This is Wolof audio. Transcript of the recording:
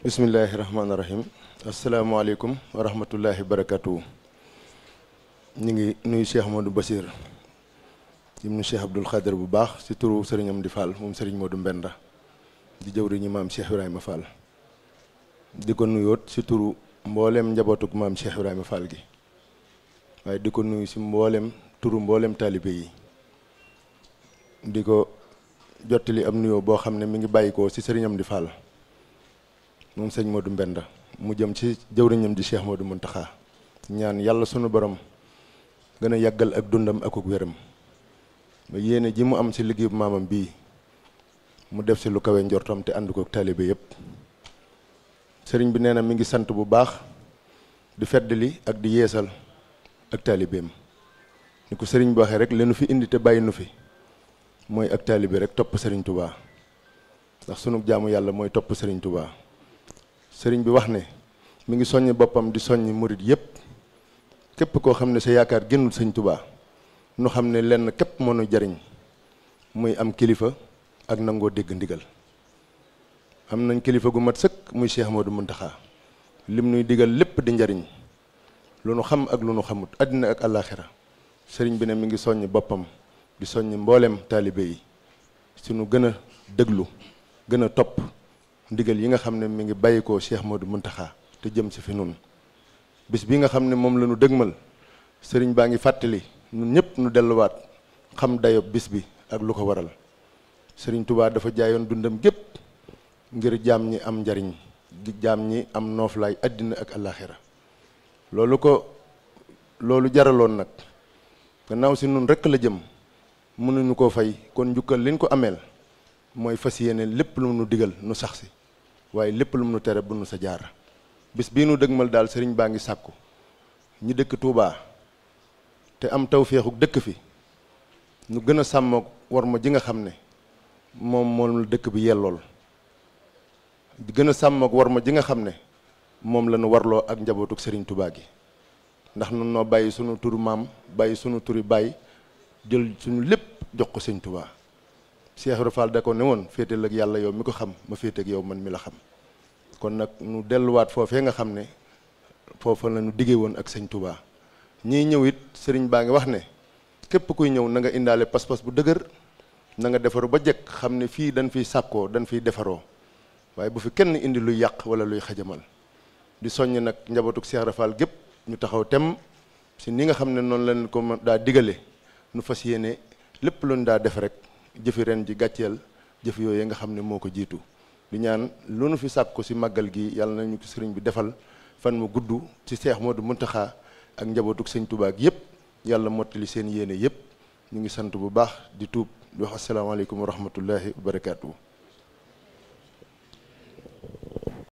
bismillahi rahmaani rahim asalaamaaleykum wa rahmatullahi barakatuhu ñu ngi nuyu Cheikh Modou Basir ibnu Cheikh Abdoul Khadir bu baax ci turu sëriñ Amdi Fall moom sëriñ Modou Mbenda di jëwriñu maam Cheikh Ibrahima Fall di ko nuyoot ci turu mbooleem njabootug maam Cheikh Ibrahima Fall gi waaye di ko nuyu ci mbooleem turu mbooleem taalibe yi di ko jottali am nuyoo boo xam ne mi ngi bàyyikoo ci sëriñ Amdi Fall moom sëñ du Mbenda mu jëm ci jëwriñam di Cheikh Modou Mountakha ñaan yàlla sunu borom gën a yàggal ak dundam akuk wéram ba yéene ji mu am si liggéey maamam bii mu def si lu kawe njortam te ànd ko taalibe yépp sëriñ bi nee na mi ngi sant bu baax di li ak di yéesal ak taalibeem ni ko sëriñ bi waxee rek leenu fi indi te bàyyi nu fi mooy ak taalibe rek topp sëriñ tubaa ndax sunu jaamu yàlla mooy topp sëriñ tubaa sëriñ bi wax ne mi ngi soññ boppam di soññ murit yépp képp koo xam ne sa yaakaar génnul sëñ tubaa nu xam ne lenn képp moo nu jariñ muy am kilifa ak nangoo dégg ndigal am nañ kilifa gu mat sëkk muy Cheikh mun Muntaxa lim nuy digal lépp di njariñ lu nu xam ak lu nu xamut àddina ak àllaaxira sëriñ bi ne mi ngi soññ boppam di soññ mboolem taalibe yi suñu gën a déglu gën a topp ndigal yi nga xam ne mi ngi bàyyi ko Cheikh Modou Mountakha te jëm si fi nun bis bi nga xam ne moom la ñu dëgmal sëriñ baa ngi fàttali ñun ñëpp ñu delluwaat xam dayob bis bi ak lu ko waral sëriñ Touba dafa jaayoon dundam gépp ngir jaam ñi am njariñ jaam ñi am nooflaay àddina ak àllaaxira loolu ko loolu jaraloon nag gannaaw si nun rekk la jëm mënuñu koo fay kon njukkal liñ ko ameel mooy fas yéene lépp lu nu digal nu sax si waaye lépp lu munu tere bu nu sa jaar bis bii nu dëgmal daal sëriñ baa ngi sàkku ñi dëkk Touba te am tawféexu dëkk fi nu gën a sàmm war ma ji nga xam ne moom moom dëkk bi yellool gën a sàmm war ma ji nga xam ne moom la warloo ak njabootuk sëriñ Touba gi ndax nun noo bàyyi sunu turu maam bàyyi sunu turi bàyyi jël suñu lépp jox ko sëñ Touba Cheikh Ibra da ko ne woon féetal ak yàlla yow mi ko xam ma féete ak yow man mi la xam kon nag nu delluwaat foofee nga xam ne foofa la nu diggee woon ak sëñ Touba ñiy ñëw it sëriñ baa ngi wax ne képp kuy ñëw na nga indaale pas-pas bu dëgër na nga defaru ba jëkk xam ne fii dañ fiy sàkkoo dañ fiy defaroo waaye bu fi kenn indi luy yàq wala luy xajamal di soññ nag njabootuk Cheikh Ibra gépp ñu taxaw tem si ni nga xam ne noonu lañ ko daa digale nu fas yéene lépp luñ daa def rek jëfi ren ji gàcceel jëf yooyu nga xam ne moo ko jiitu di ñaan lu nu fi ko si màggal gi yàlla nañu ko sëriñ bi defal fan mu gudd ci seex Moodu Muntaxa ak njabootuk sëñ Tuubaa yëpp yàlla mottali seen yéene yëpp mu ngi sant bu baax di tuub di wax asalaamaaleykum wa rahmatullahi wa barakaatu.